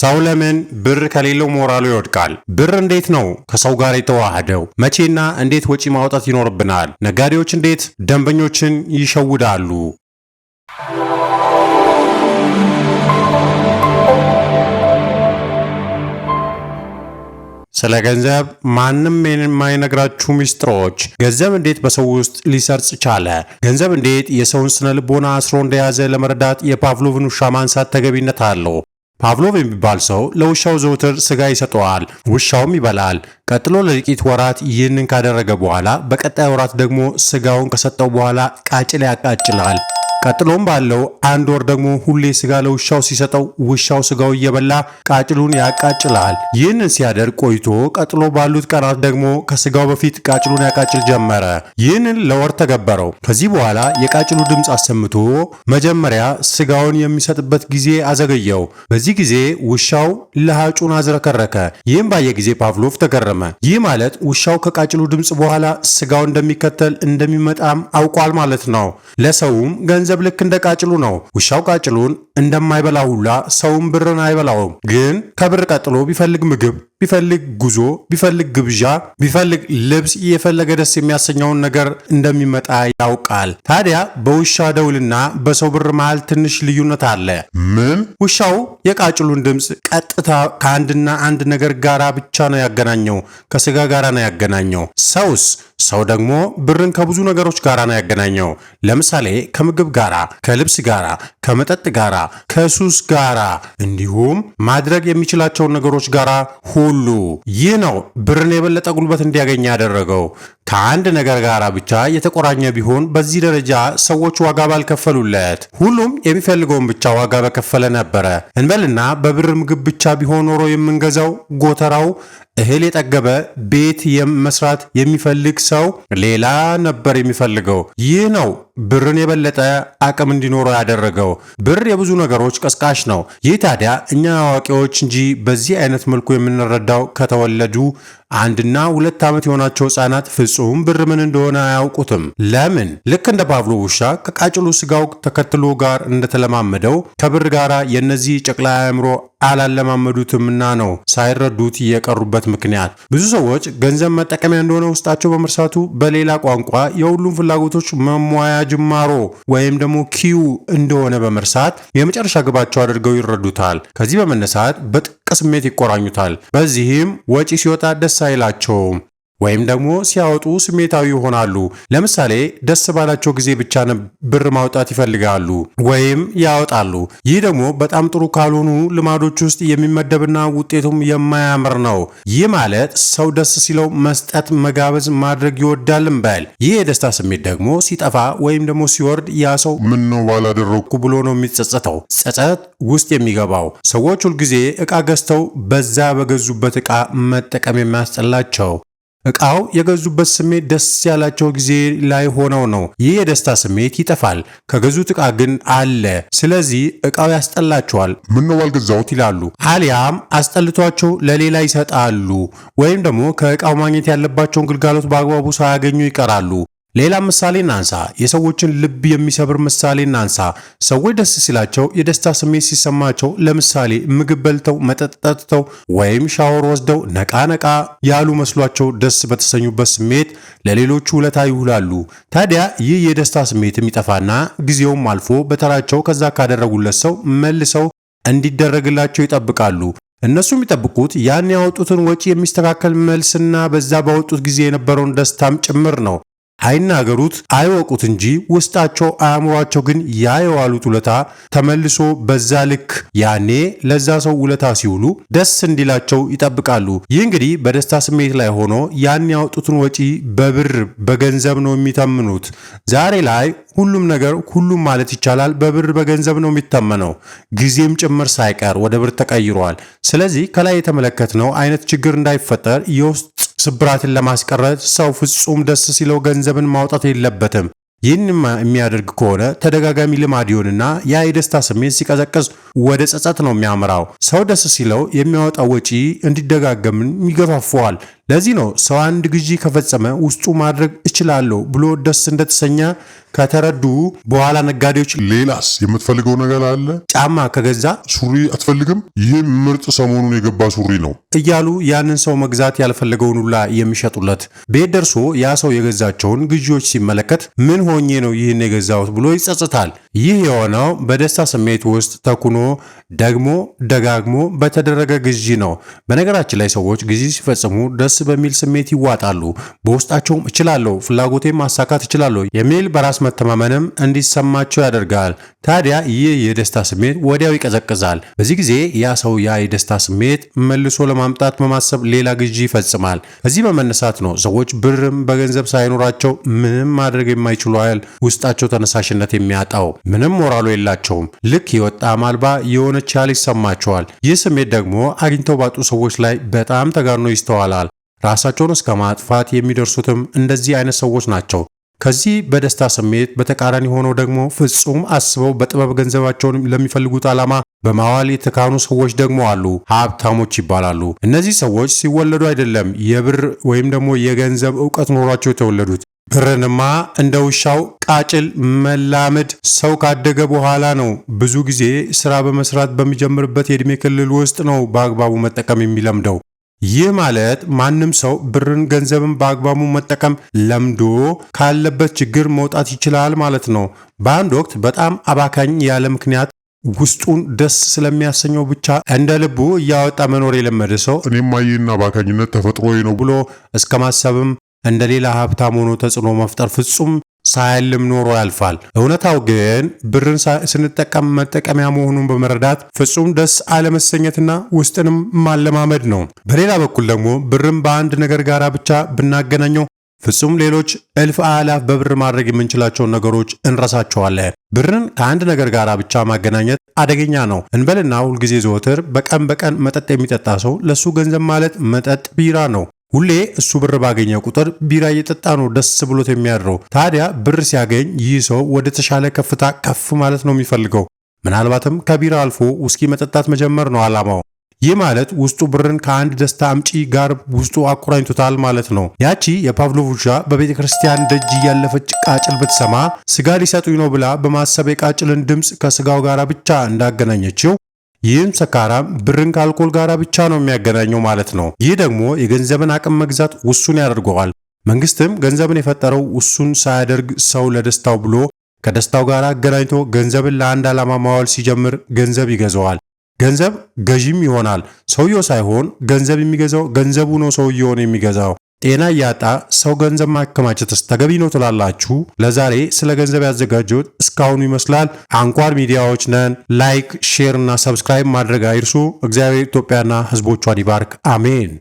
ሰው ለምን ብር ከሌለው ሞራሉ ይወድቃል? ብር እንዴት ነው ከሰው ጋር የተዋሃደው? መቼና እንዴት ወጪ ማውጣት ይኖርብናል? ነጋዴዎች እንዴት ደንበኞችን ይሸውዳሉ? ስለ ገንዘብ ማንም የማይነግራችሁ ሚስጥሮች። ገንዘብ እንዴት በሰው ውስጥ ሊሰርጽ ቻለ? ገንዘብ እንዴት የሰውን ስነ ልቦና አስሮ እንደያዘ ለመረዳት የፓቭሎቭን ውሻ ማንሳት ተገቢነት አለው። ፓቭሎቭ የሚባል ሰው ለውሻው ዘውትር ስጋ ይሰጠዋል፣ ውሻውም ይበላል። ቀጥሎ ለጥቂት ወራት ይህንን ካደረገ በኋላ በቀጣይ ወራት ደግሞ ስጋውን ከሰጠው በኋላ ቃጭል ያቃጭላል። ቀጥሎም ባለው አንድ ወር ደግሞ ሁሌ ስጋ ለውሻው ሲሰጠው ውሻው ስጋው እየበላ ቃጭሉን ያቃጭላል። ይህንን ሲያደርግ ቆይቶ ቀጥሎ ባሉት ቀናት ደግሞ ከስጋው በፊት ቃጭሉን ያቃጭል ጀመረ። ይህንን ለወር ተገበረው። ከዚህ በኋላ የቃጭሉ ድምፅ አሰምቶ መጀመሪያ ስጋውን የሚሰጥበት ጊዜ አዘገየው። በዚህ ጊዜ ውሻው ለሃጩን አዝረከረከ። ይህም ባየ ጊዜ ፓቭሎቭ ተገረመ። ተሰማ። ይህ ማለት ውሻው ከቃጭሉ ድምፅ በኋላ ስጋው እንደሚከተል እንደሚመጣም አውቋል ማለት ነው። ለሰውም ገንዘብ ልክ እንደ ቃጭሉ ነው። ውሻው ቃጭሉን እንደማይበላ ሁላ ሰውም ብርን አይበላውም። ግን ከብር ቀጥሎ ቢፈልግ ምግብ ቢፈልግ ጉዞ ቢፈልግ ግብዣ ቢፈልግ ልብስ የፈለገ ደስ የሚያሰኘውን ነገር እንደሚመጣ ያውቃል። ታዲያ በውሻ ደውልና በሰው ብር መሃል ትንሽ ልዩነት አለ። ምን? ውሻው የቃጭሉን ድምፅ ቀጥታ ከአንድና አንድ ነገር ጋር ብቻ ነው ያገናኘው። ከስጋ ጋር ነው ያገናኘው። ሰውስ ሰው ደግሞ ብርን ከብዙ ነገሮች ጋር ነው ያገናኘው። ለምሳሌ ከምግብ ጋራ፣ ከልብስ ጋራ፣ ከመጠጥ ጋራ፣ ከሱስ ጋራ እንዲሁም ማድረግ የሚችላቸውን ነገሮች ጋራ ሁሉ። ይህ ነው ብርን የበለጠ ጉልበት እንዲያገኝ ያደረገው። ከአንድ ነገር ጋር ብቻ የተቆራኘ ቢሆን በዚህ ደረጃ ሰዎች ዋጋ ባልከፈሉለት፣ ሁሉም የሚፈልገውን ብቻ ዋጋ በከፈለ ነበረ። እንበልና በብር ምግብ ብቻ ቢሆን ኖሮ የምንገዛው ጎተራው እህል የጠገበ ቤት መስራት የሚፈልግ ሰው ሌላ ነበር የሚፈልገው። ይህ ነው ብርን የበለጠ አቅም እንዲኖረው ያደረገው። ብር የብዙ ነገሮች ቀስቃሽ ነው። ይህ ታዲያ እኛ አዋቂዎች እንጂ በዚህ አይነት መልኩ የምንረዳው ከተወለዱ አንድና ሁለት ዓመት የሆናቸው ህጻናት ፍጹም ብር ምን እንደሆነ አያውቁትም። ለምን? ልክ እንደ ፓብሎ ውሻ ከቃጭሉ ስጋው ተከትሎ ጋር እንደተለማመደው ከብር ጋር የእነዚህ ጨቅላ አእምሮ አላለማመዱትምና ነው ሳይረዱት የቀሩበት ምክንያት። ብዙ ሰዎች ገንዘብ መጠቀሚያ እንደሆነ ውስጣቸው በመርሳ መነሳቱ በሌላ ቋንቋ የሁሉም ፍላጎቶች መሟያ ጅማሮ ወይም ደግሞ ኪዩ እንደሆነ በመርሳት የመጨረሻ ግባቸው አድርገው ይረዱታል። ከዚህ በመነሳት በጥቅ ስሜት ይቆራኙታል። በዚህም ወጪ ሲወጣ ደስ አይላቸውም። ወይም ደግሞ ሲያወጡ ስሜታዊ ይሆናሉ። ለምሳሌ ደስ ባላቸው ጊዜ ብቻ ብር ማውጣት ይፈልጋሉ ወይም ያወጣሉ። ይህ ደግሞ በጣም ጥሩ ካልሆኑ ልማዶች ውስጥ የሚመደብና ውጤቱም የማያምር ነው። ይህ ማለት ሰው ደስ ሲለው መስጠት፣ መጋበዝ፣ ማድረግ ይወዳል እንበል። ይህ የደስታ ስሜት ደግሞ ሲጠፋ ወይም ደግሞ ሲወርድ ያ ሰው ምነው ባላደረግኩ ብሎ ነው የሚጸጸተው፣ ጸጸት ውስጥ የሚገባው። ሰዎች ሁልጊዜ እቃ ገዝተው በዛ በገዙበት እቃ መጠቀም የሚያስጠላቸው እቃው የገዙበት ስሜት ደስ ያላቸው ጊዜ ላይ ሆነው ነው። ይህ የደስታ ስሜት ይጠፋል። ከገዙት እቃ ግን አለ። ስለዚህ እቃው ያስጠላቸዋል። ምነው አልገዛሁት ይላሉ። አሊያም አስጠልቷቸው ለሌላ ይሰጣሉ። ወይም ደግሞ ከእቃው ማግኘት ያለባቸውን ግልጋሎት በአግባቡ ሳያገኙ ይቀራሉ። ሌላ ምሳሌ እናንሳ። የሰዎችን ልብ የሚሰብር ምሳሌ እናንሳ። ሰዎች ደስ ሲላቸው፣ የደስታ ስሜት ሲሰማቸው፣ ለምሳሌ ምግብ በልተው መጠጥ ጠጥተው ወይም ሻወር ወስደው ነቃ ነቃ ያሉ መስሏቸው ደስ በተሰኙበት ስሜት ለሌሎቹ ውለታ ይውላሉ። ታዲያ ይህ የደስታ ስሜትም ይጠፋና ጊዜውም አልፎ በተራቸው ከዛ ካደረጉለት ሰው መልሰው እንዲደረግላቸው ይጠብቃሉ። እነሱ የሚጠብቁት ያን ያወጡትን ወጪ የሚስተካከል መልስና በዛ ባወጡት ጊዜ የነበረውን ደስታም ጭምር ነው። አይናገሩት አይወቁት እንጂ ውስጣቸው አያምሯቸው ግን ያ የዋሉት ውለታ ተመልሶ በዛ ልክ ያኔ ለዛ ሰው ውለታ ሲውሉ ደስ እንዲላቸው ይጠብቃሉ። ይህ እንግዲህ በደስታ ስሜት ላይ ሆኖ ያን ያወጡትን ወጪ በብር በገንዘብ ነው የሚተምኑት። ዛሬ ላይ ሁሉም ነገር ሁሉም ማለት ይቻላል በብር በገንዘብ ነው የሚተመነው። ጊዜም ጭምር ሳይቀር ወደ ብር ተቀይሯል። ስለዚህ ከላይ የተመለከትነው አይነት ችግር እንዳይፈጠር የውስጥ ስብራትን ለማስቀረት ሰው ፍጹም ደስ ሲለው ገንዘብን ማውጣት የለበትም። ይህን የሚያደርግ ከሆነ ተደጋጋሚ ልማድ ይሆንና ያ የደስታ ስሜት ሲቀዘቅዝ ወደ ጸጸት ነው የሚያምራው። ሰው ደስ ሲለው የሚያወጣው ወጪ እንዲደጋገምን ይገፋፈዋል። ለዚህ ነው ሰው አንድ ግዢ ከፈጸመ ውስጡ ማድረግ እችላለሁ ብሎ ደስ እንደተሰኘ ከተረዱ በኋላ ነጋዴዎች ሌላስ የምትፈልገው ነገር አለ? ጫማ ከገዛ ሱሪ አትፈልግም? ይህም ምርጥ ሰሞኑን የገባ ሱሪ ነው እያሉ ያንን ሰው መግዛት ያልፈለገውን ሁላ የሚሸጡለት። ቤት ደርሶ ያ ሰው የገዛቸውን ግዢዎች ሲመለከት ምን ሆኜ ነው ይህን የገዛሁት ብሎ ይጸጽታል። ይህ የሆነው በደስታ ስሜት ውስጥ ተኩኖ ደግሞ ደጋግሞ በተደረገ ግዢ ነው። በነገራችን ላይ ሰዎች ግዢ ሲፈጽሙ ደስ በሚል ስሜት ይዋጣሉ። በውስጣቸውም እችላለሁ፣ ፍላጎቴን ማሳካት እችላለሁ የሚል በራስ መተማመንም እንዲሰማቸው ያደርጋል። ታዲያ ይህ የደስታ ስሜት ወዲያው ይቀዘቅዛል። በዚህ ጊዜ ያ ሰው ያ የደስታ ስሜት መልሶ ለማምጣት በማሰብ ሌላ ግዢ ይፈጽማል። ከዚህ በመነሳት ነው ሰዎች ብርም በገንዘብ ሳይኖራቸው ምንም ማድረግ የማይችሉ ያህል ውስጣቸው ተነሳሽነት የሚያጣው ምንም ሞራሉ የላቸውም። ልክ የወጣ ማልባ የሆነች ያህል ይሰማቸዋል። ይህ ስሜት ደግሞ አግኝተው ባጡ ሰዎች ላይ በጣም ተጋኖ ይስተዋላል። ራሳቸውን እስከ ማጥፋት የሚደርሱትም እንደዚህ አይነት ሰዎች ናቸው። ከዚህ በደስታ ስሜት በተቃራኒ ሆነው ደግሞ ፍጹም አስበው በጥበብ ገንዘባቸውን ለሚፈልጉት ዓላማ በማዋል የተካኑ ሰዎች ደግሞ አሉ፣ ሀብታሞች ይባላሉ። እነዚህ ሰዎች ሲወለዱ አይደለም የብር ወይም ደግሞ የገንዘብ እውቀት ኖሯቸው የተወለዱት። ብርንማ እንደ ውሻው ቃጭል መላመድ ሰው ካደገ በኋላ ነው። ብዙ ጊዜ ስራ በመስራት በሚጀምርበት የዕድሜ ክልል ውስጥ ነው በአግባቡ መጠቀም የሚለምደው። ይህ ማለት ማንም ሰው ብርን፣ ገንዘብን በአግባቡ መጠቀም ለምዶ ካለበት ችግር መውጣት ይችላል ማለት ነው። በአንድ ወቅት በጣም አባካኝ ያለ ምክንያት ውስጡን ደስ ስለሚያሰኘው ብቻ እንደ ልቡ እያወጣ መኖር የለመደ ሰው እኔማ ይህን አባካኝነት ተፈጥሮ ነው ብሎ እስከ ማሰብም እንደ ሌላ ሀብታም ሆኖ ተጽዕኖ መፍጠር ፍጹም ሳያልም ኖሮ ያልፋል። እውነታው ግን ብርን ስንጠቀም መጠቀሚያ መሆኑን በመረዳት ፍጹም ደስ አለመሰኘትና ውስጥንም ማለማመድ ነው። በሌላ በኩል ደግሞ ብርን በአንድ ነገር ጋር ብቻ ብናገናኘው ፍጹም ሌሎች እልፍ አላፍ በብር ማድረግ የምንችላቸውን ነገሮች እንረሳቸዋለን። ብርን ከአንድ ነገር ጋር ብቻ ማገናኘት አደገኛ ነው እንበልና ሁልጊዜ ዘወትር በቀን በቀን መጠጥ የሚጠጣ ሰው ለሱ ገንዘብ ማለት መጠጥ ቢራ ነው። ሁሌ እሱ ብር ባገኘ ቁጥር ቢራ እየጠጣ ነው ደስ ብሎት የሚያድረው። ታዲያ ብር ሲያገኝ ይህ ሰው ወደ ተሻለ ከፍታ ከፍ ማለት ነው የሚፈልገው። ምናልባትም ከቢራ አልፎ ውስኪ መጠጣት መጀመር ነው ዓላማው። ይህ ማለት ውስጡ ብርን ከአንድ ደስታ አምጪ ጋር ውስጡ አቆራኝቶታል ማለት ነው። ያቺ የፓቭሎቭ ውሻ በቤተ ክርስቲያን ደጅ እያለፈች ቃጭል ብትሰማ ስጋ ሊሰጡኝ ነው ብላ በማሰብ የቃጭልን ድምፅ ከስጋው ጋር ብቻ እንዳገናኘችው ይህም ሰካራም ብርን ከአልኮል ጋር ብቻ ነው የሚያገናኘው ማለት ነው። ይህ ደግሞ የገንዘብን አቅም መግዛት ውሱን ያደርገዋል። መንግስትም ገንዘብን የፈጠረው ውሱን ሳያደርግ ሰው ለደስታው ብሎ ከደስታው ጋር አገናኝቶ ገንዘብን ለአንድ ዓላማ ማዋል ሲጀምር ገንዘብ ይገዛዋል። ገንዘብ ገዥም ይሆናል። ሰውየው ሳይሆን ገንዘብ የሚገዛው ገንዘቡ ነው ሰውየውን የሚገዛው። ጤና እያጣ ሰው ገንዘብ ማከማቸትስ ተገቢ ነው ትላላችሁ? ለዛሬ ስለ ገንዘብ ያዘጋጀሁት እስካሁኑ ይመስላል። አንኳር ሚዲያዎች ነን። ላይክ፣ ሼር እና ሰብስክራይብ ማድረግ አይርሱ። እግዚአብሔር ኢትዮጵያና ሕዝቦቿን ይባርክ። አሜን።